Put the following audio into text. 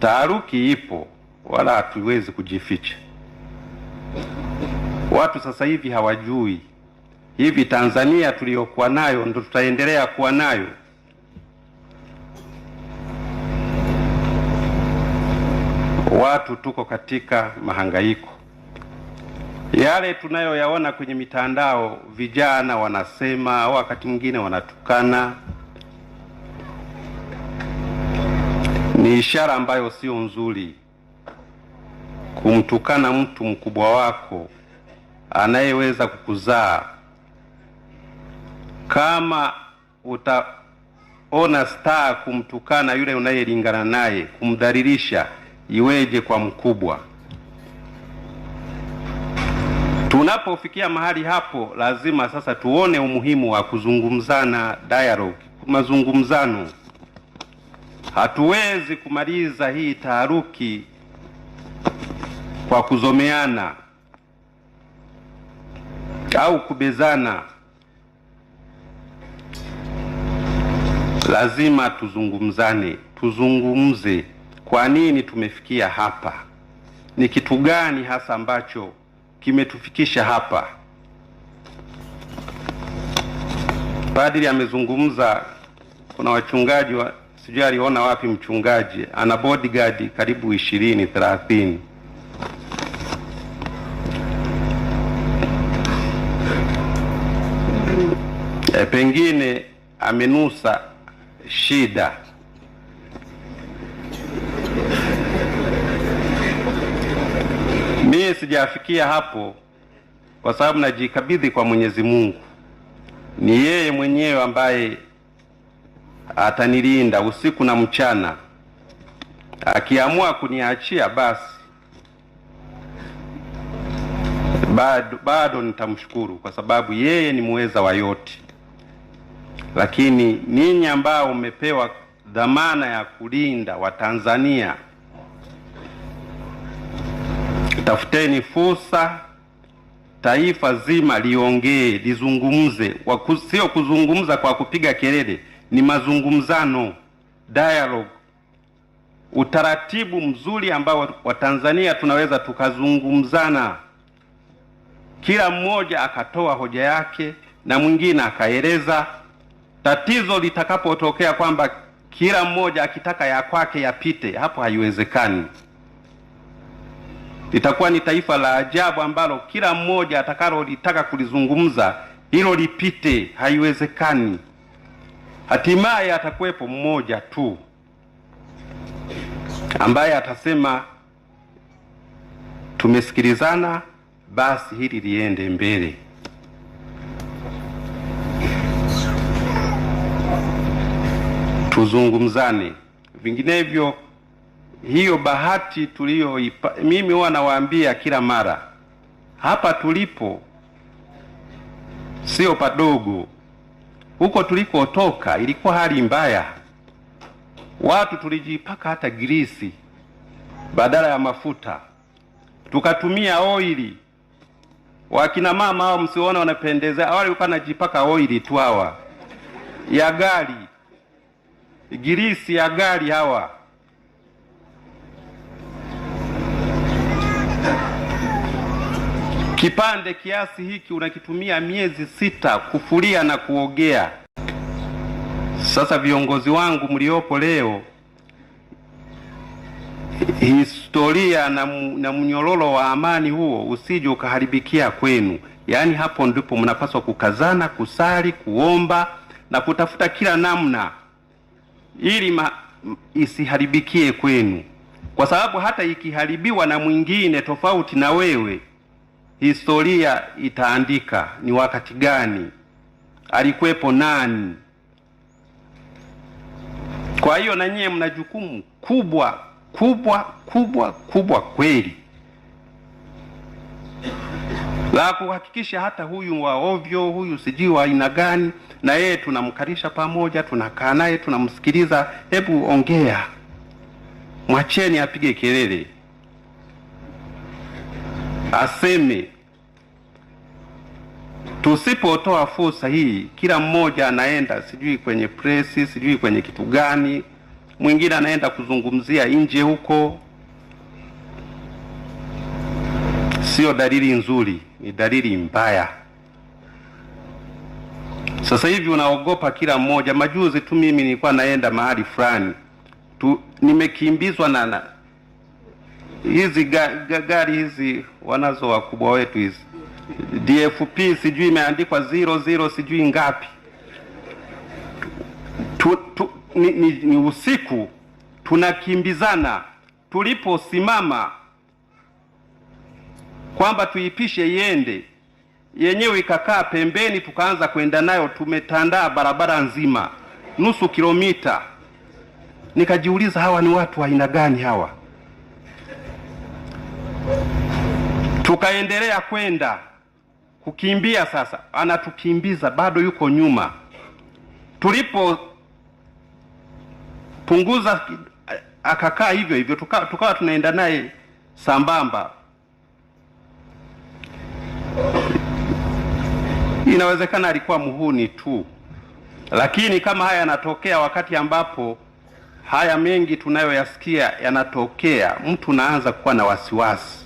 Taharuki ipo, wala hatuwezi kujificha. Watu sasa hivi hawajui hivi Tanzania tuliyokuwa nayo ndo tutaendelea kuwa nayo? Watu tuko katika mahangaiko yale tunayoyaona kwenye mitandao, vijana wanasema, wakati mwingine wanatukana Ni ishara ambayo sio nzuri kumtukana mtu mkubwa wako anayeweza kukuzaa. Kama utaona staa kumtukana yule unayelingana naye, kumdhalilisha, iweje kwa mkubwa? Tunapofikia mahali hapo, lazima sasa tuone umuhimu wa kuzungumzana, dialogue, mazungumzano. Hatuwezi kumaliza hii taharuki kwa kuzomeana au kubezana. Lazima tuzungumzane, tuzungumze kwa nini tumefikia hapa, ni kitu gani hasa ambacho kimetufikisha hapa. Padri amezungumza, kuna wachungaji wa sijui aliona wapi mchungaji ana bodyguard karibu ishirini thelathini. E, pengine amenusa shida mimi sijafikia hapo kwa sababu najikabidhi kwa Mwenyezi Mungu. Ni yeye mwenyewe ambaye atanilinda usiku na mchana. Akiamua kuniachia basi bado, bado nitamshukuru kwa sababu yeye ni muweza wa yote. Lakini ninyi ambao mmepewa dhamana ya kulinda Watanzania, tafuteni fursa taifa zima liongee, lizungumze, sio kuzungumza kwa kupiga kelele ni mazungumzano, dialogue, utaratibu mzuri ambao Watanzania tunaweza tukazungumzana, kila mmoja akatoa hoja yake na mwingine akaeleza tatizo. Litakapotokea kwamba kila mmoja akitaka ya kwake yapite, hapo haiwezekani. Litakuwa ni taifa la ajabu ambalo kila mmoja atakalolitaka kulizungumza hilo lipite, haiwezekani. Hatimaye atakuwepo mmoja tu ambaye atasema tumesikilizana, basi hili liende mbele. Tuzungumzane, vinginevyo hiyo bahati tuliyoipa. Mimi huwa nawaambia kila mara, hapa tulipo sio padogo. Huko tulikotoka ilikuwa hali mbaya, watu tulijipaka hata girisi badala ya mafuta, tukatumia oili. Wakina mama hao msiona wanapendeza, awali walikuwa anajipaka oili tu hawa ya gari, girisi ya gari hawa Kipande kiasi hiki unakitumia miezi sita kufulia na kuogea. Sasa viongozi wangu mliopo leo, historia na, na mnyororo wa amani huo usije ukaharibikia kwenu. Yaani hapo ndipo mnapaswa kukazana, kusali, kuomba na kutafuta kila namna ili ma, isiharibikie kwenu, kwa sababu hata ikiharibiwa na mwingine tofauti na wewe historia itaandika ni wakati gani, alikuwepo nani. Kwa hiyo na nyie mna jukumu kubwa kubwa kubwa kubwa kweli la kuhakikisha hata huyu wa ovyo huyu sijui wa aina gani, na yeye tunamkalisha pamoja, tunakaa naye, tunamsikiliza. Hebu ongea, mwacheni apige kelele aseme, tusipotoa fursa hii, kila mmoja anaenda sijui kwenye presi sijui kwenye kitu gani, mwingine anaenda kuzungumzia nje huko, sio dalili nzuri, ni dalili mbaya. Sasa hivi unaogopa kila mmoja. Majuzi tu mimi nilikuwa naenda mahali fulani tu, nimekimbizwa na hizi ga, gari hizi wanazo wakubwa wetu hizi DFP sijui imeandikwa zero zero sijui ngapi tu, tu, ni, ni, ni usiku tunakimbizana tuliposimama kwamba tuipishe iende yenyewe ikakaa pembeni, tukaanza kwenda nayo, tumetandaa barabara nzima nusu kilomita. Nikajiuliza, hawa ni watu aina gani hawa? tukaendelea kwenda kukimbia. Sasa anatukimbiza bado, yuko nyuma. Tulipopunguza akakaa hivyo hivyo, tukawa tuka tunaenda naye sambamba. Inawezekana alikuwa muhuni tu, lakini kama haya yanatokea wakati ambapo haya mengi tunayoyasikia yanatokea, mtu naanza kuwa na wasiwasi